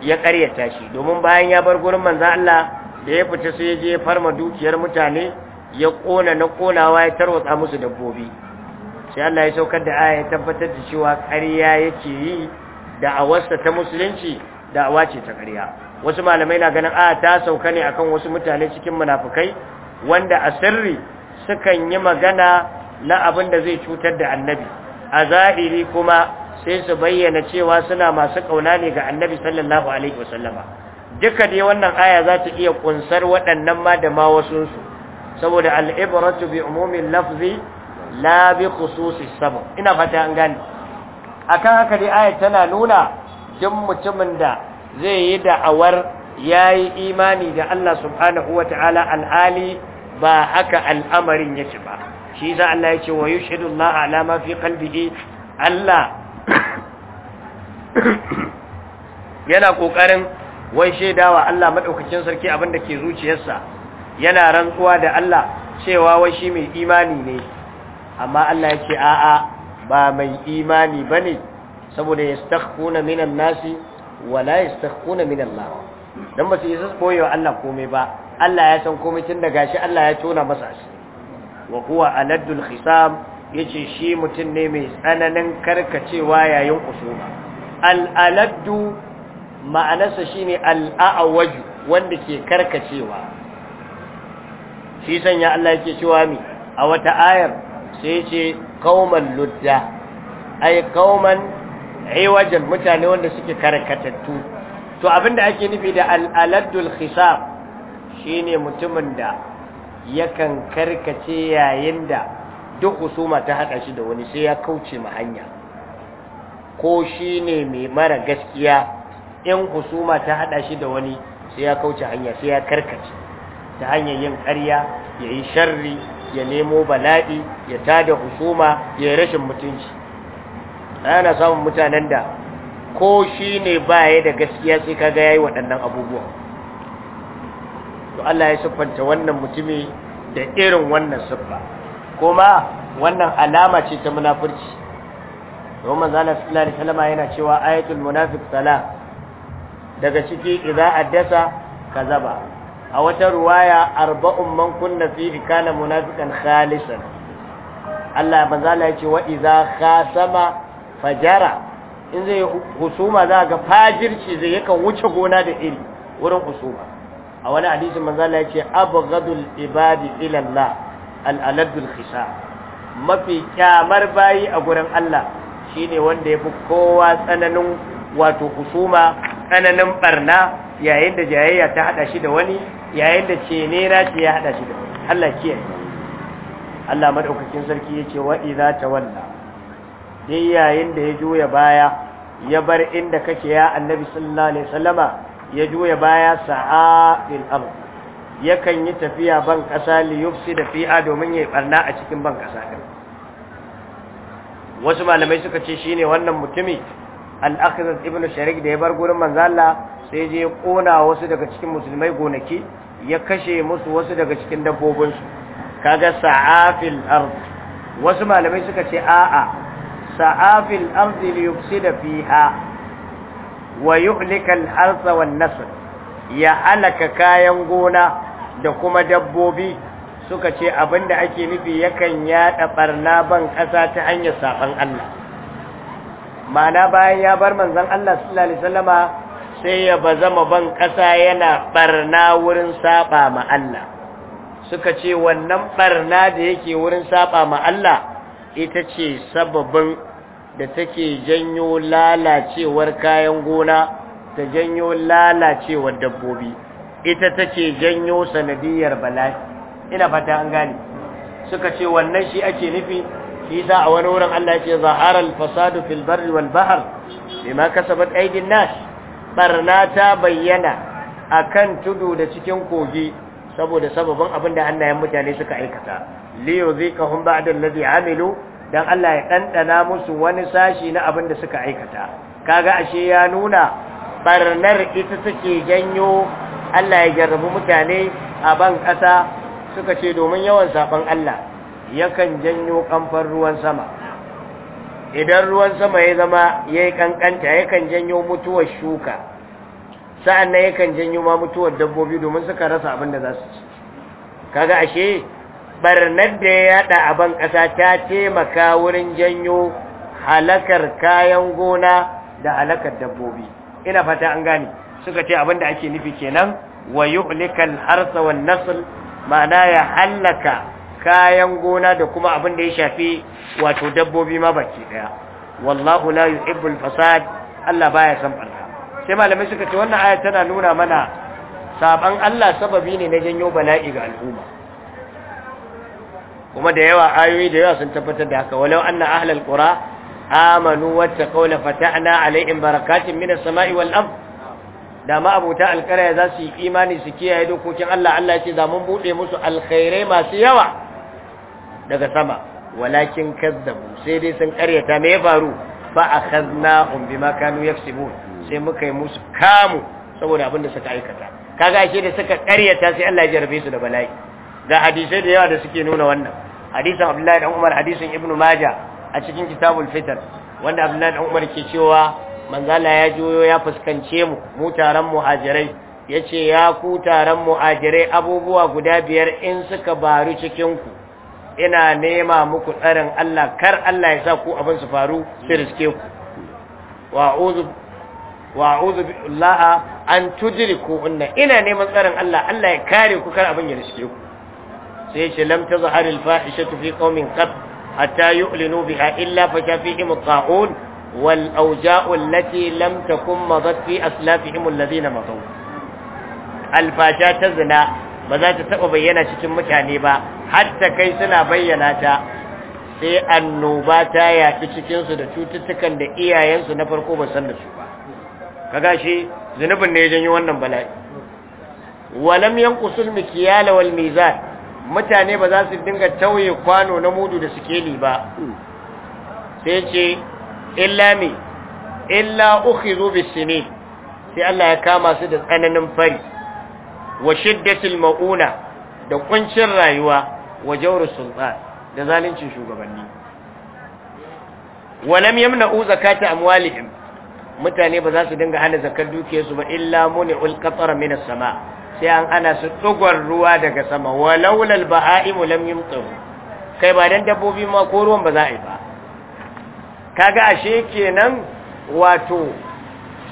ya ƙaryata shi domin bayan ya bar gurin manzo Allah da ya fita sai ya je farma dukiyar mutane ya kona na konawa ya tarwatsa musu dabbobi sai Allah ya saukar da aya ya tabbatar da cewa ƙarya yake yi da awarsa ta musulunci da awa ce ta ƙarya wasu malamai na ganin aya ta sauka ne akan wasu mutane cikin munafukai wanda a sirri sukan yi magana na abin da zai cutar da annabi a zahiri kuma sai su bayyana cewa suna masu kauna ne ga annabi sallallahu alaihi wasallama duka dai wannan aya za ta iya kunsar waɗannan ma da ma wasunsu saboda al'ibratu bi umumin lafzi la bi khususi sabab ina fata an gane akan haka dai aya tana nuna duk mutumin da zai yi da'awar yayi imani da Allah subhanahu wataala al'ali ba haka al'amarin ci ba shi za Allah ya ce wa yushidu Allah ala ma fi qalbihi Allah yana kokarin wai shaidawa Allah madaukakin sarki abinda ke zuciyarsa yana rantsuwa da Allah cewa wai shi mai imani ne amma Allah ya ce a'a ba mai imani bane saboda yastakhfuna minan nasi wala yastakhfuna min Allah dan ba su yi boyewa Allah komai ba Allah ya san komai tun da gashi Allah ya tona masa shi wa huwa aladdul khisam yace shi mutum ne mai tsananin karkacewa yayin kusuma al-aladdu ma'anarsa shine al-a'waj wanda ke karkacewa shi sanya Allah yake cewa mi a wata ayar sai yace qauman ludda ay qauman aywajan mutane wanda suke karkatattu to abinda ake nufi da al-aladdul khisam shine mutumin da yakan karkace yayin da duk husuma ta haɗa shi da wani sai ya kauce ma hanya ko shi ne mai mara gaskiya in husuma ta haɗa shi da wani sai ya kauce hanya sai ya karkace ta hanyar yin ƙarya ya yi sharri ya nemo bala'i ya tada husuma ya yi rashin mutunci ana samun mutanen da ko shi ne baya da gaskiya sai kaga yayi waɗannan abubuwa. to Allah ya siffanta wannan mutumi da irin wannan siffa kuma wannan alama ce ta munafurci don manzo Allah sallallahu alaihi wasallam yana cewa ayatul munafiq sala daga ciki idza addasa kazaba a wata ruwaya arba'un man kunna fihi kana munafiqan khalisan Allah manzo Allah ya ce wa idza khasama fajara in zai husuma za ga fajirci zai yakan wuce gona da iri wurin husuma a wani hadisin manzo Allah yace abghadul ibadi ila Allah al aladul khisa mafi kyamar bayi a gurin Allah shine wanda yafi kowa tsananin wato husuma tsananin barna yayin da jayayya ta hada shi da wani yayin da cene na ce ya hada shi da wani Allah kiyaye Allah madaukakin sarki yace wa idza tawalla dai yayin da ya juya baya ya bar inda kake ya annabi sallallahu alaihi wasallama ya juya baya sa'a fil ya yakan yi tafiya ban kasa li da fi'a domin yi barna a cikin ban kasa din wasu malamai suka ce shine wannan mutumi al-akhdaz ibn sharik da ya bar gurin manzo Allah sai je kona wasu daga cikin musulmai gonaki ya kashe musu wasu daga cikin dabbobinsu kaga sa'afil ard wasu malamai suka ce a'a sa'afil ard li da fi'a wa yuhlikal harsa wan ya halaka kayan gona da kuma dabbobi suka ce abinda ake nufi yakan yada barna ban kasa ta hanyar safan Allah ma'ana bayan ya bar manzon Allah sallallahu alaihi wasallama sai ya bazama ban kasa yana barna wurin saba ma Allah suka ce wannan barna da yake wurin saba ma Allah ita ce sababin da take janyo lalacewar kayan gona ta janyo lalacewar dabbobi ita take janyo sanadiyar bala'i ina fata an gane suka ce wannan shi ake nufi shi za a wani wurin Allah ya ce zaharal fasadu fil barri wal bahr bima kasabat aydin nas barna ta bayyana a kan tudu da cikin kogi saboda sababin abin da hannayen mutane suka aikata li yuzikahum ba'da alladhi amilu dan Allah ya ɗanɗana musu wani sashi na abin da suka aikata kaga ashe ya nuna barnar ita take janyo Allah ya jarrabu mutane a ban ƙasa suka ce domin yawan saɓon Allah yakan janyo kanfar ruwan sama idan ruwan sama ya zama ya kankanta ƙanƙanta yakan janyo mutuwar shuka sa'an nan yakan janyo ma mutuwar dabbobi domin suka rasa abin da za su ci kaga ashe barnar da ya yada a ban ƙasa ta taimaka wurin janyo halakar kayan gona da halakar dabbobi ina fata an gane suka ce abinda ake nufi kenan wa yuhlikal harsa wan nasl ma'ana ya halaka kayan gona da kuma abin ya shafi wato dabbobi ma baki daya wallahu la al fasad Allah baya san barka. sai malamai suka ce wannan aya tana nuna mana saban Allah sababi ne na janyo bala'i ga al'umma kuma da yawa ayoyi da yawa sun tabbatar da haka walau anna ahlal qura amanu wattaqaw la fata'na alaihim barakatin minas sama'i wal ard da ma abuta za su yi imani su kiyaye dokokin Allah Allah ce za mun bude musu alkhairai masu yawa daga sama walakin kazzabu sai dai sun karyata me ya faru fa akhadnahum bima kanu yaksibun sai muka yi musu kamu saboda abin da suka aikata kaga ashe da suka karyata sai Allah ya jarbe su da bala'i ga hadisai da yawa da suke nuna wannan hadisin abdullahi dan umar hadisin ibnu maja a cikin kitabul fitr wanda abdullahi dan umar ke cewa manzala ya juyo ya fuskance mu mu taron muhajirai yace ya ku taron muhajirai abubuwa guda biyar in suka baru cikin ku ina nema muku tsarin Allah kar Allah ya sa ku abin su faru su riske ku wa'udhu wa'udhu billahi an tudriku inna ina neman tsarin Allah Allah ya kare ku kar abin ya riske ku sai ce lam tazhar al fahishatu fi qaumin qad hatta yu'linu biha illa fakafihim at-ta'un wal awja'u allati lam takun madat fi aslafihim alladhina mataw al ta zina ba za ta taba bayyana cikin mutane ba hatta kai suna bayyana ta sai annoba ta yaki cikin su da cututtukan da iyayensu na farko ba san da su ba kaga shi zunubin ne ya janyo wannan bala'i walam yanqusul mikyala wal mizan mutane ba za su dinga tauye kwano na mudu da sikeli ba hmm. sai ce illa me illa ukhizu bisini sai Allah ya kama su da tsananin fari wa shiddatil mauna da kuncin rayuwa wa jawr sultan da zalincin shugabanni wa lam yamna'u zakata amwalihim mutane ba za su dinga hana zakar dukiyarsu ba illa muni'ul qatara minas sama' sai an ana su tsugon ruwa daga sama walaulal ba'aimu lam yumtir kai ba dan dabbobi ma ko ruwan ba za a yi ba kaga ashe kenan wato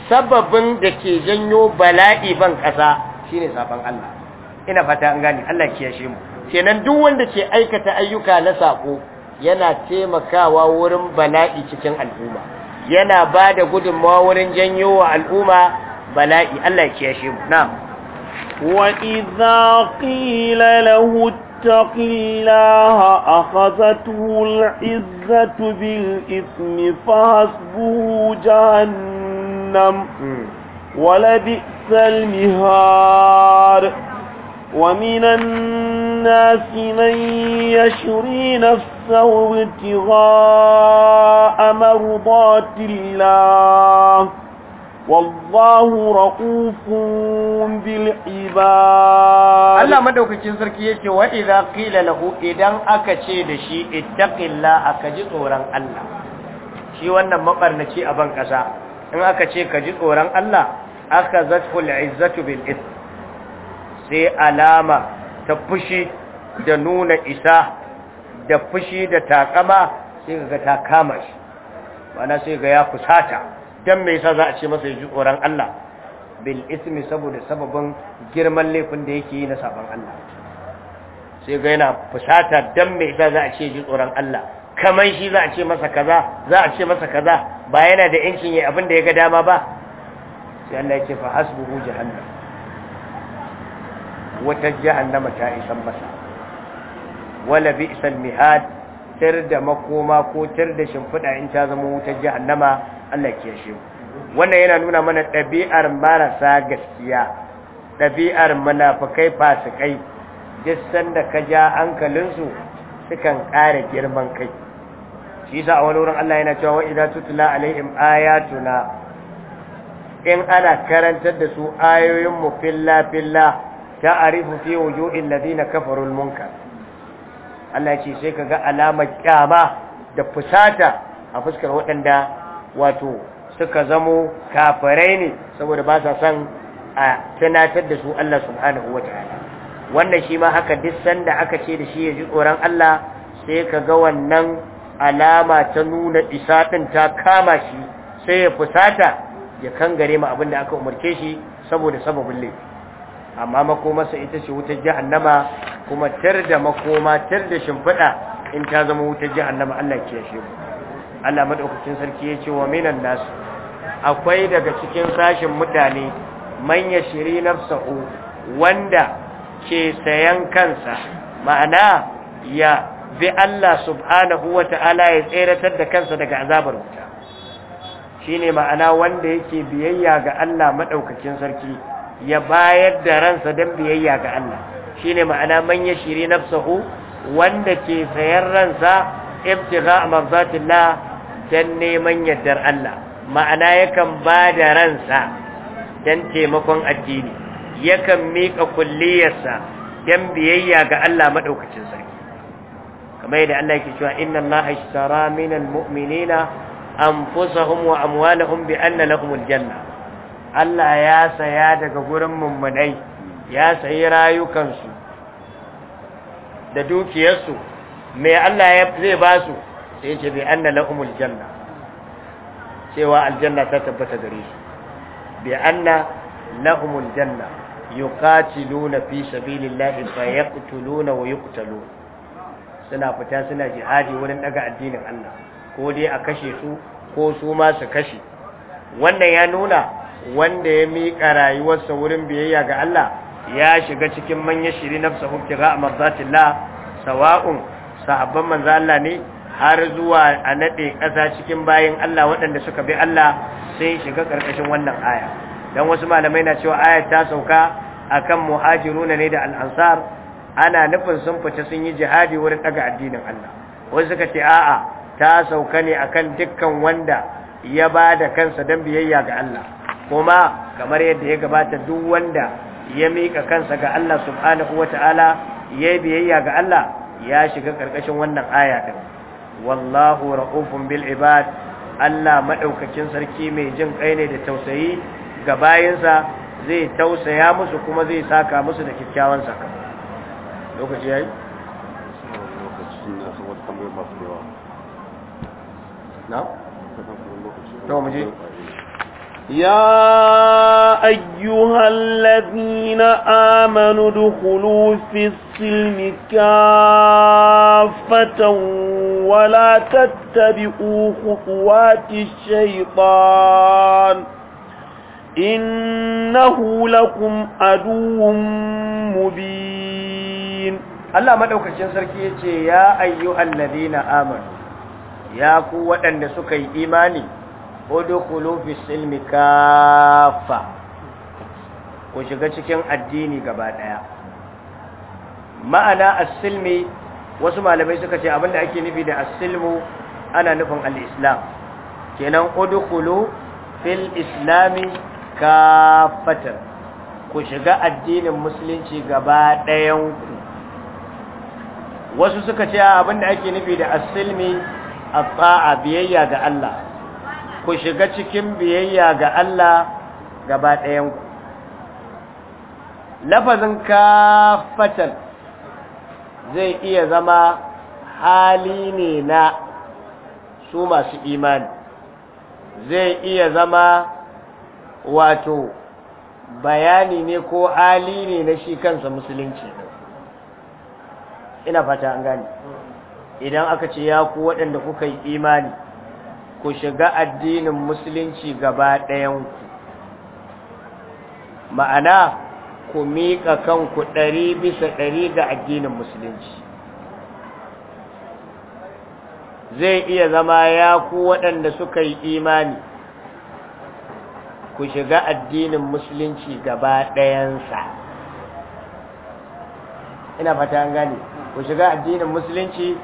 sababin da ke janyo bala'i ban kasa shine saban Allah ina fata an gane Allah kiyashe mu kenan duk wanda ke aikata ayyuka na sako yana taimakawa wurin bala'i cikin al'umma yana bada gudunmawa wurin janyo wa al'umma bala'i Allah kiyashe mu na'am وإذا قيل له اتق الله أخذته العزة بالإثم فحسبه جهنم ولبئس المهار ومن الناس من يشري نفسه ابتغاء مرضات الله wallahu رؤوف بالعباد الله Allah madaukakin sarki yake wa idza qila lahu idan aka ce da shi ittaqillaha aka ji tsoron Allah shi wannan mabarnaci a ban kasa in aka ce ka ji tsoron Allah aka zatul izzatu bil ith sai alama ta fushi da nuna isa da fushi da takama sai ga ta kama shi sai ga ya fusata dan me yasa za a ce masa ya ji tsoron Allah bil ismi saboda sababin girman laifin da yake yi na saban Allah sai ga yana fusata dan me yasa za a ce ya ji tsoron Allah Kaman shi za a ce masa kaza za a ce masa kaza ba yana da yankin yi abin da ya ga dama ba sai Allah ya ce fa hasbuhu jahannam wata jahannama ta isan masa wala bi'sal mihad tir da makoma ko tir da shimfiɗa in ta zama wutar jahannama Allah shi wannan yana nuna mana ɗabi'ar marasa gaskiya ɗabi'ar munafukai fasikai duk sanda ka ja hankalinsu sukan ƙara girman kai shi yasa a wani wurin Allah yana cewa idan tutla alaihim ayatuna in ana karantar da su ayoyin mu filla filla ta'arifu fi wujuhil ladina kafaru al-munkar Allah ce sai ga alamar kyama da fusata a fuskar waɗanda wato suka zamo kafirai ne saboda ba sa son a tunatar da su Allah subhanahu wataala wannan shi ma haka duk sanda aka ce da shi ya ji tsoron Allah sai ka ga wannan alama ta nuna isa din ta kama shi sai ya fusata ya kangare mu abinda aka umarce shi saboda sababin laifi amma makoma sai ita ce wutar jahannama kuma tarda makoma tarda shimfida shimfiɗa in ta zama wutar jahannama Allah ya kiyaye mu Allah madaukakin sarki ya ce wa minan nas akwai daga cikin sashin mutane man yashri nafsahu wanda ke sayan kansa ma'ana ya bi Allah subhanahu wata'ala ya tseratar da kansa daga azabar wuta shine ma'ana wanda yake biyayya ga Allah madaukakin sarki ya bayar da ransa don biyayya ga Allah shine ma'ana man na nafsahu wanda ke sayan ransa ibtigha marzatillah don neman yardar Allah ma'ana yakan ba da ransa don taimakon addini yakan miƙa kulliyarsa don biyayya ga Allah maɗaukacin sarki kamar yadda Allah ke cewa inna Allah ashtara minal mu'minina anfusahum wa amwalahum bi anna lahumul janna Allah ya saya daga gurin mummunai ya sayi rayukansu da dukiyarsu Me Allah ya zai ba su sai ce bi anna lahumul janna cewa aljanna ta tabbata gare shi bi anna lahumul janna yuqatiluna fi sabilillahi fa wa yuqtalun suna fita suna jihadi wurin daga addinin Allah ko dai a kashe su ko su ma su kashe wannan ya nuna wanda ya mika rayuwarsa wurin biyayya ga Allah ya shiga cikin manyan shiri nafsa hukki ga amarzatillah sawa'un sahabban manzo Allah ne har zuwa a naɗe ƙasa cikin bayan Allah waɗanda suka bi Allah sai shiga ƙarƙashin wannan aya dan wasu malamai na cewa ayar ta sauka akan muhajiruna ne da al'ansar, ana nufin sun fita sun yi jihadi wurin ɗaga addinin Allah wasu suka ce a'a ta sauka ne akan dukkan wanda ya ba da kansa dan biyayya ga Allah kuma kamar yadda ya gabata duk wanda ya mika kansa ga Allah subhanahu wataala ya biyayya ga Allah ya shiga ƙarƙashin wannan aya din wallahu ra'ufun bil ibad Allah madaukakin sarki mai jin kai ne da tausayi ga bayinsa zai tausaya musu kuma zai saka musu da kikkiawan saka lokaci yayi na to mu je يا أيها الذين آمنوا ادخلوا في السلم كافة ولا تتبعوا خطوات الشيطان إنه لكم عدو مبين الله ما دوكا شنسركي يا أيها الذين آمنوا يا قوة أن سكي إيماني udkhulu fi silmi kaffa ku shiga cikin addini gaba daya ma'ana as-silmi wasu malamai suka ce abinda ake nufi da as-silmu ana nufin al-islam kenan udkhulu fil islami kafatan ku shiga addinin musulunci gaba ɗayan ku wasu suka ce abinda ake nufi da as-silmi at-ta'a biyayya ga Allah ku shiga cikin biyayya ga Allah gaba ɗayanku lafazin kafatan zai iya zama hali ne na su masu imani zai iya zama wato bayani ne ko hali ne na shi kansa musulunci ina fata an gani idan aka ce ya ku waɗanda kuka yi imani ku shiga addinin musulunci gaba ɗayanku ma'ana ku miƙa kanku ɗari bisa ɗari ga addinin musulunci zai iya zama ya ku waɗanda suka yi imani ku shiga addinin musulunci gaba ɗayansa ina fata an gane ku shiga addinin musulunci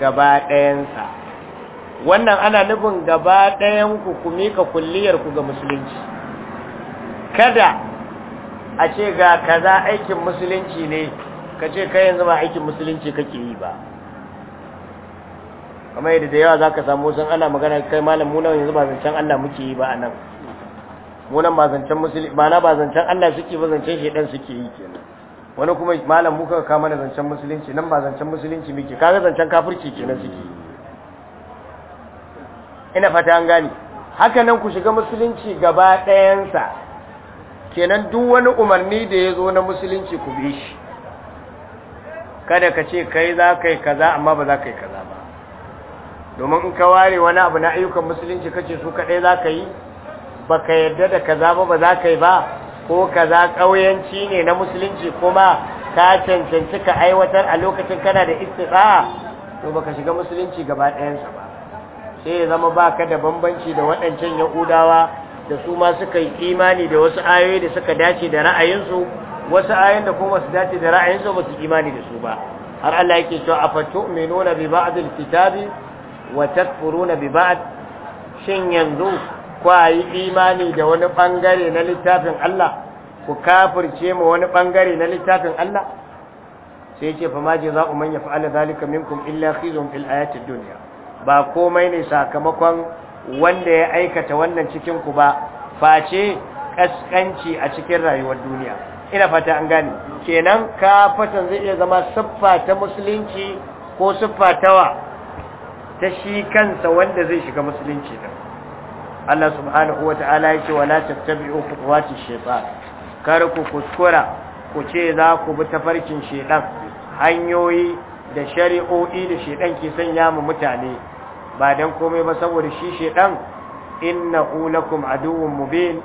gaba ɗayansa wannan ana nufin gaba ɗayan ku ku mika kulliyar ku ga musulunci kada a ce ga kaza aikin musulunci ne ka ce kai yanzu ba aikin musulunci kake yi ba kamar yadda da yawa za ka samu sun ana magana kai malam munan yanzu ba zancen Allah muke yi ba a nan munan ba zancen musulunci ba na ba zancen Allah suke ba zancen shaidan suke yi kenan wani kuma malam muka kama da zancen musulunci nan ba zancen musulunci muke kaga zancen kafirci kenan suke yi ina fata an gani haka nan ku shiga musulunci gaba ɗayansa kenan duk wani umarni da ya zo na musulunci ku bi shi kada ka ce kai za ka yi kaza amma ba za ka yi kaza ba domin in ka ware wani abu na ayyukan musulunci kace su kaɗai za ka yi ba ka yarda da kaza ba ba za ka yi ba ko kaza ƙauyanci ne na musulunci kuma ka cancanci ka aiwatar a lokacin kana da istiqa to baka shiga musulunci gaba ɗayansa ba sai ya zama baka da bambanci da waɗancan yahudawa da su ma suka yi imani da wasu ayoyi da suka dace da ra'ayinsu wasu ayoyin da kuma su dace da ra'ayinsu ba su imani da su ba har Allah yake cewa afatu'minuna bi nuna kitabi wa takfuruna bi ba'd shin yanzu kwa yi imani da wani bangare na littafin Allah ku kafirce mu wani bangare na littafin Allah sai ce fa ma jaza'u man yaf'ala dhalika minkum illa khizun fil ayati dunya ba komai ne sakamakon wanda ya aikata wannan cikin ku ba face kaskanci a cikin rayuwar duniya ina fata an gani kenan ka fatan zai iya zama siffa ta musulunci ko siffa tawa ta shi kansa wanda zai shiga musulunci din Allah subhanahu wataala yake wala tattabi'u khutuwati shaytan kar ku kuskura ku ce za ku bi tafarkin shaytan hanyoyi da shari'o'i da shaytan ke sanya mu mutane ba don komai ba saboda shi shedan innahu lakum aduwwun mubin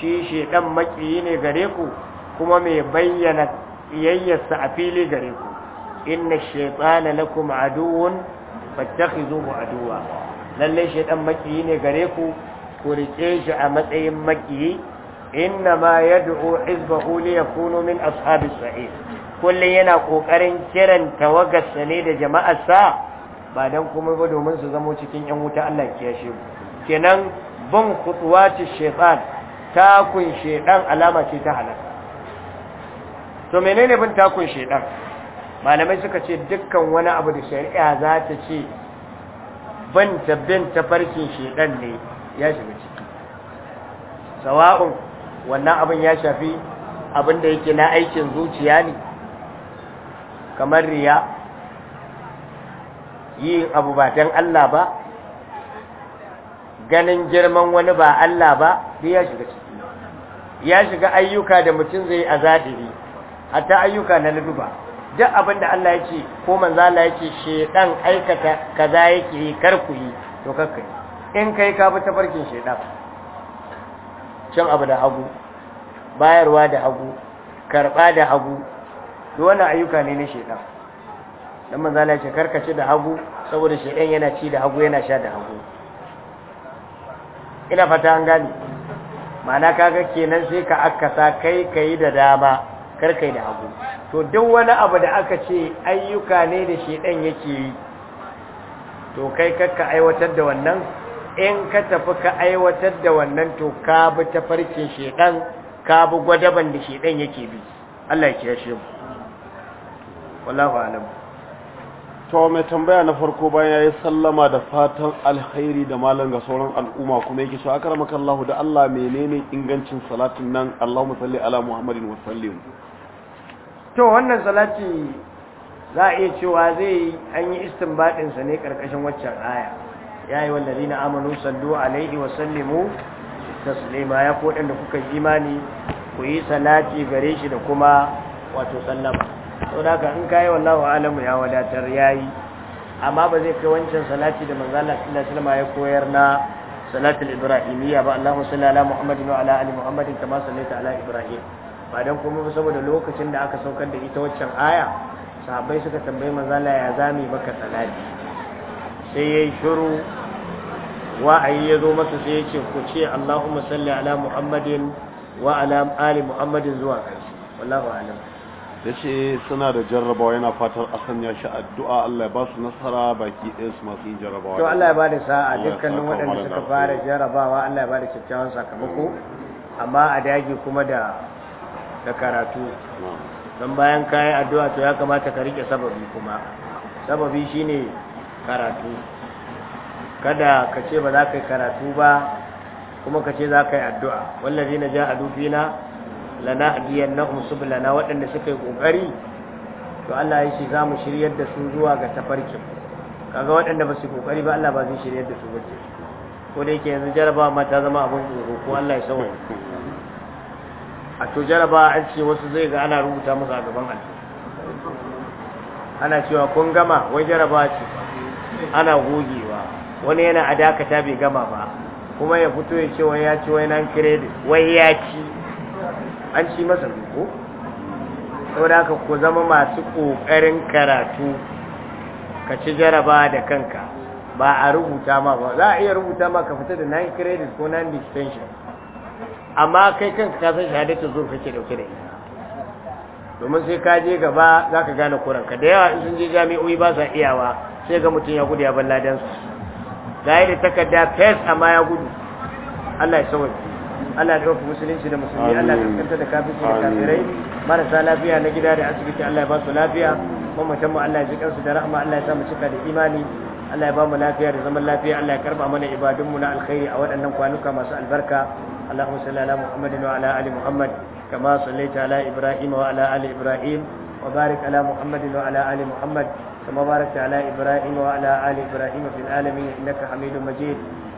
shi shedan makiyi ne gare ku kuma mai bayyana iyayyarsa a fili gare ku inna shaytana lakum aduwwun fattakhizuhu aduwa lalle shedan makiyi ne gare ku ku rike shi a matsayin makiyi inna ma yad'u hizbahu li yakunu min ashabis sa'id kullun yana kokarin kiran tawagarsa ne da jama'arsa ba dan kuma ba domin su zamo cikin yan wuta Allah ya kiyashe mu kenan bin khutuwati shaytan takun shaytan alama ce ta halaka to menene bin takun shaytan malamai suka ce dukkan wani abu da shari'a za ta ce bin tabbin tafarkin shaytan ne ya shiga ciki sawa'un wannan abin ya shafi abin da yake na aikin zuciya ne kamar riya yin abu ba don Allah ba ganin girman wani ba Allah ba sai ya shiga ciki ya shiga ayyuka da mutum zai a zadiri hatta ayyuka na luduba duk abin da Allah ya ko manzo Allah ya ce shedan aikata kaza yake yi kar ku yi to kakka in kai ka bi tafarkin shedan cin abu da hagu bayarwa da hagu karba da hagu duk wannan ayyuka ne na shedan dan manzo Allah ya karkace da hagu saboda shedan yana ci da hagu yana sha da hagu ina fata an gani ma'ana kaga kenan sai ka akasa kai kai da dama kar da hagu to duk wani abu da aka ce ayyuka ne da shedan yake yi to kai karka aiwatar da wannan in ka tafi ka aiwatar da wannan to ka bi tafarkin shedan ka bi gwadaban da shedan yake bi Allah ya kiyashe mu wallahu a'lam to mai tambaya na farko bayan yi sallama da fatan alkhairi da malam ga sauran al'umma kuma yake so ramaka Allah da Allah menene ingancin salatin nan Allahumma salli ala Muhammadin wa sallim to wannan salati za a iya cewa zai an yi istinbadin sa ne karkashin waccan aya yayi wallazina amanu sallu alaihi wa sallimu taslima ya ko da kuka imani ku yi salati gare shi da kuma wato sallama saboda haka in kayi wallahu alamu ya wadatar yayi amma ba zai kai wancan salati da manzo Allah sallallahu alaihi wasallam ya koyar na salatul ibrahimiyya ba Allahu salli ala muhammadin wa ala ali muhammadin kama sallaita ala ibrahim ba dan kuma saboda lokacin da aka saukar da ita waccan aya sahabbai suka tambayi manzo Allah ya zami maka salati sai yayi shiru wa ya zo masa sai yace ku ce Allahumma salli ala muhammadin wa ala ali muhammadin zuwa ƙarshe wallahu a'lam ya ce suna da jarrabawa yana fatar a sanya shi addu'a Allah ya ba su nasara baki ɗaya su masu yin jarrabawa to Allah ya ba da sa'a dukkanin waɗanda suka fara jarrabawa Allah ya ba da kyakkyawan sakamako amma a dage kuma da da karatu don bayan kayi addu'a to ya kamata ka rike sababi kuma sababi shine karatu kada ka ce ba za ka yi karatu ba kuma ka ce za ka yi addu'a na ja'adu fina lana hadiyannahum sublana waɗanda suka yi ƙoƙari? to Allah ya shi za mu shiryar da su zuwa ga tafarkin kaga waɗanda ba su ƙoƙari ba Allah ba zai shiryar da su ba ko da yake yanzu jaraba ma ta zama abin tsoro ko Allah ya sauya a to jaraba a ce wasu zai ga ana rubuta musu a gaban allo ana cewa kun gama wai jaraba ce ana gogewa wani yana a dakata bai gama ba kuma ya fito ya ce wai ya ci wai nan credit wai ya ci an ci masa ko saboda haka ku zama masu ƙoƙarin karatu ka ci jaraba da kanka ba a rubuta ma ba za a iya rubuta ma ka fita da 9 credit ko 9 distinction amma kai kanka ka san shahadatu zo kake dauke da ita domin sai ka je gaba za ka gane kuranka da yawa sun je jami'o'i ba sa iyawa sai ga mutum ya gudu ya ladansu. ga yi da takarda fes amma ya gudu Allah ya sauwa Allah ya ku musulunci da musulmi Allah ya kaskanta da kafirci da kafirai marasa lafiya na gida da asibiti Allah ya ba su lafiya mamatan mu Allah ya ji kansu da rahama Allah ya cika da imani Allah ya ba mu lafiya da zaman lafiya Allah ya karba mana ibadun mu na alkhairi a waɗannan kwanuka masu albarka Allahumma salli ala Muhammadin wa ala ali Muhammad kama sallaita ala Ibrahim wa ala ali Ibrahim